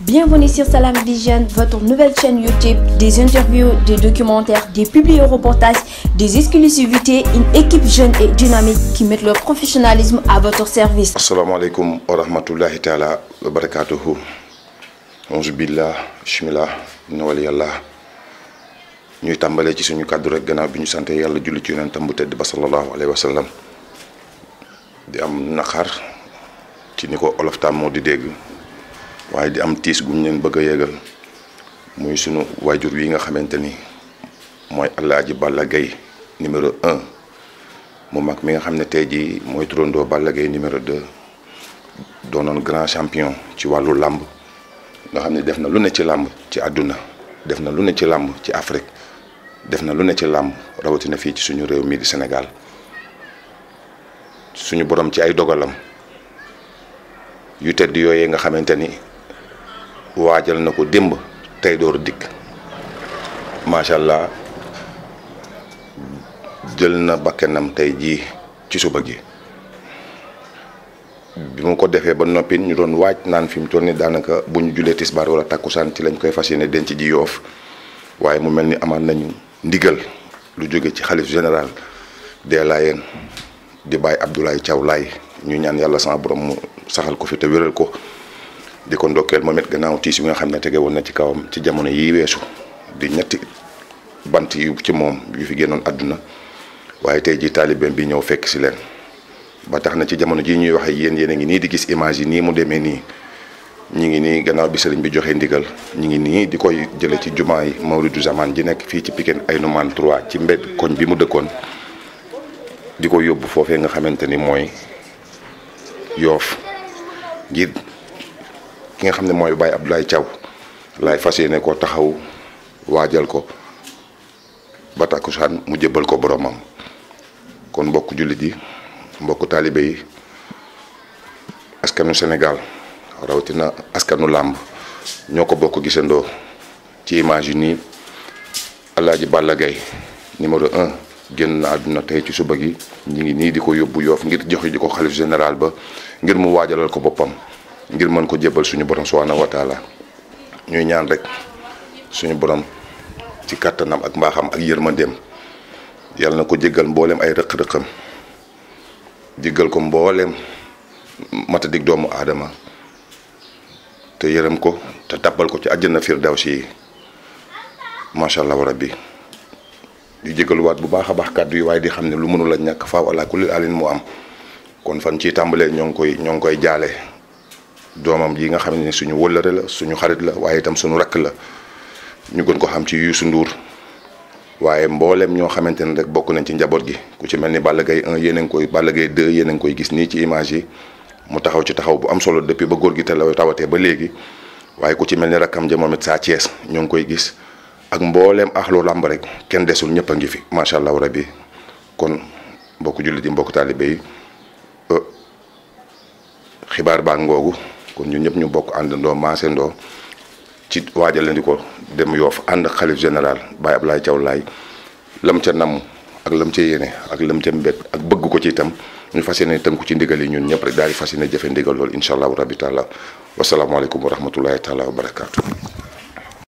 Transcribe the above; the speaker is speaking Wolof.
Bienvenue sur Salam Vision, votre nouvelle chaîne YouTube, des interviews, des documentaires, des publi-reportages, des exclusivités, une équipe jeune et dynamique qui met leur professionnalisme à votre service. Assalamu alaikum wa rahmatullahi ta'ala wa barakatuhu. Onzu billah, bismillah, inna waliyallah. ñuy tàmbalee ci suñu kàddu rek gannaaw bi ñu sante yàlla julli ci yonentam bu tedd ba sallallahu alayhi wa sallam di am naqar ci ni ko olof tàmmoo di dégg waaye di am tiis guñ leen bëgg a yëgal muy sunu waajur wi nga xamante ni mooy Alaaji Balla Gaye numéro un mu mag mi nga xam ne tey jii mooy turandoo Balla Gaye numéro deux doonoon grand champion ci wàllu làmb nga xam ne def na lu ne ci làmb ci àdduna def na lu ne ci làmb ci Afrique def na lu ne ci làmb rawatina fii ci suñu réew mii di Sénégal suñu borom ci ay dogalam yu tedd yooyee nga xamante ni waajal na ko démb tey door dikk macha allah jël na bakkanam tey jii ci suba ji bi mu ko defee ba noppi ñu doon waaj naan fi mu toll nii daanaka bu ñu julee tisbaar wala takkusaan ci lañ koy fas yéene denc ji yoof waaye mu mel ni amaat nañu ndigal lu jóge ci xalif général des Layènes di bàyyi Abdoulaye Thiaw Laye ñu ñaan yàlla sama borom mu saxal ko fi te wéral ko. di ko ndokkeel moom it gannaaw tiis yi nga xam ne tege woon na ci kawam ci jamono yi weesu di ñetti bant yu ci moom yu fi génnoon àdduna waaye tey jii taalibeem bi ñëw fekk si leen ba tax na ci jamono jii ñuy waxee yéen yéen a ngi nii di gis image yi nii mu demee nii ñu ngi nii gannaaw bi sëriñ bi joxe ndigal ñu ngi nii di koy jële ci jumaa yi mawlidu zaman ji nekk fii ci Pikine Aïnoumane 3 ci mbedd koñ bi mu dëkkoon di ko yóbbu foofee nga xamante ni mooy yoof ngir ki nga xam ne mooy Baye Abdoulaye Thiaw laay fas yéene ko taxaw waajal ko ba takkusaan mu jébbal ko boromam kon mbokk jullit yi mbokk taalibe yi askanu Sénégal rawatina askanu làmb ñoo ko bokk gisandoo ci image yi nii Alaaji Balla Gaye numéro un génn na àdduna tey ci suba gi ñu ngi nii di ko yóbbu yoof ngir jox ji ko xalif général ba ngir mu waajalal ko boppam ngir mën ko jébbal suñu borom subhanahu wa taala ñuy ñaan rek suñu borom ci kàttanam ak mbaaxam ak yërmandeem yàlla na ko jéggal mbooleem ay rëq-rëqam jéggal ko mbooleem matadik doomu aadama te yërëm ko te tabbal ko ci àjjana firdawsi yi macha allah rabbi di jégaluwaat bu baax a baax kàddu yi waaye di xam ne lu mënul a ñàkk faaw ala kulli alin mu am kon fan ci tàmbalee ñoo ngi koy ñoo ngi koy jaale. doomam yi nga xam ni suñu wëllëre la suñu xarit la waaye itam suñu rakk la ñu gën ko xam ci Youssou Ndour waaye mbooleem ñoo xamante ne rek bokk nañ ci njaboot gi ku ci mel ni Balla Gaye 1 yéen koy Balla Gaye 2 yéen a ngi koy gis nii ci image yi mu taxaw ci taxaw bu am solo depuis ba góor gi te la tawatee ba léegi waaye ku ci mel ni rakkam ja moom it Sa Thiès ñoo ngi koy gis ak mbooleem axlu làmb rek kenn desul ñëpp a ngi fi macha allah rabi kon mbokku jullit yi mbokku taalibe yi euh, xibaar baa ngoogu kon ñun ñëpp ñu bokk àndandoo maasandoo ci waaja waajalandi ko dem yoof ànd xalif général Baye Ablaye Thiaw Laye lam ca nam ak lam ca yéene ak lam ca mbét ak bëgg ko ci itam ñu fas yéene tënku ci ndigal yi ñun ñëpp rek daal di fas yéene jëfe ndigal loolu incha allahu rabi taala wasalaamaaleykum wa rahmatullahi taala wa barakaatu.